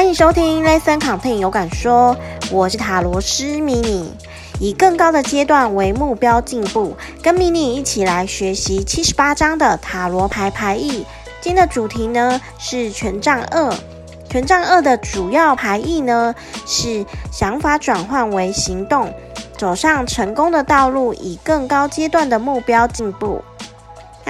歡迎收聽《Listen Content》有感說，我是塔羅師迷你，以更高的階段為目標進步，跟迷你一起來學習七十八張的塔羅牌牌意。今天的主題呢是權杖二，權杖二的主要牌意呢是想法轉換為行動，走上成功的道路，以更高階段的目標進步。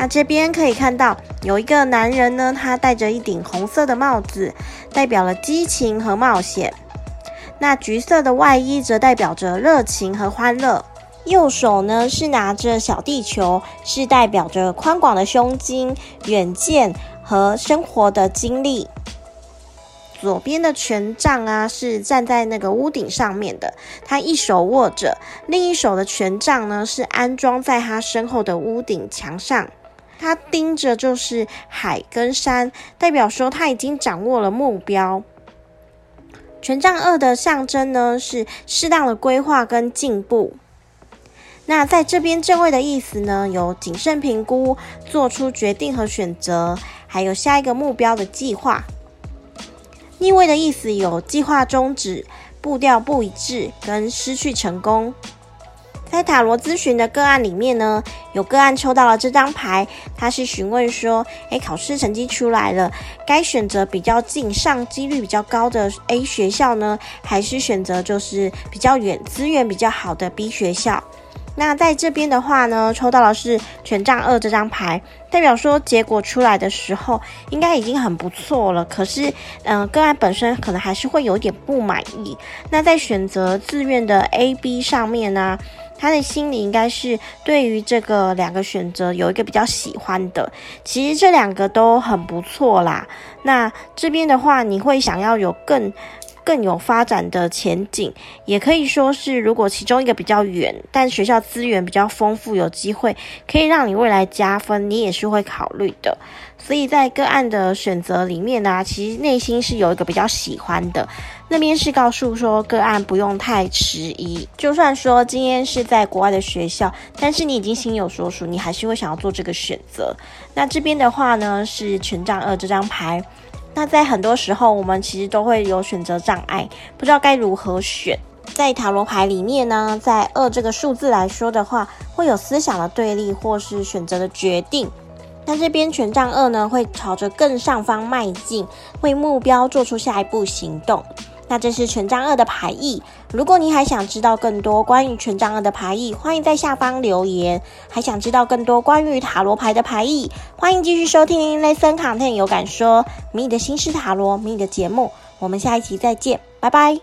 那這邊可以看到有一個男人呢，他戴着一頂紅色的帽子，代表了激情和冒險。那橘色的外衣則代表着熱情和歡樂。右手呢是拿着小地球，是代表着寬廣的胸襟、遠見和生活的經歷。左邊的權杖啊，是站在那個屋頂上面的，他一手握着，另一手的權杖呢是安裝在他身後的屋頂牆上。他盯着就是海跟山，代表說他已經掌握了目標。權杖二的象徵呢是適當的規劃跟進步。那在這邊正位的意思呢有謹慎評估、做出決定和選擇，還有下一個目標的計劃。逆位的意思有計劃終止、步調不一致跟失去成功。在塔羅諮詢的個案裡面呢，有個案抽到了這張牌，他是詢問說：誒、欸，考試成績出來了，該選擇比較近、上機率比較高的 A 學校呢，還是選擇就是比較遠、資源比較好的 B 學校？那在這邊的話呢，抽到了是權杖二這張牌，代表說結果出來的時候應該已經很不錯了。可是，嗯、呃，個案本身可能還是會有點不滿意。那在選擇自願的 A、B 上面呢，他的心裡應該是對於這個兩個選擇有一個比較喜歡的。其實這兩個都很不錯啦。那這邊的話，你會想要有更。更有發展的前景，也可以說是，如果其中一個比較遠，但學校資源比較豐富，有機會可以讓你未來加分，你也是會考慮的。所以在個案的選擇裡面呢、啊，其實內心是有一個比較喜歡的。那邊是告訴說，個案不用太遲疑，就算說今天是在國外的學校，但是你已經心有所屬，你還是會想要做這個選擇。那這邊的話呢，是權杖二這張牌。那在很多時候，我們其實都會有選擇障礙，不知道該如何選。在塔羅牌裡面呢，在二這個數字來說的話，會有思想的對立或是選擇的決定。那這邊權杖二呢，會朝着更上方邁進，為目標做出下一步行動。那這是權杖二的牌意。如果您還想知道更多關於權杖二的牌意，歡迎在下方留言。還想知道更多關於塔羅牌的牌意，歡迎繼續收聽 ListenContent 有感說迷你的新式塔羅迷你的節目。我們下一集再見，拜拜。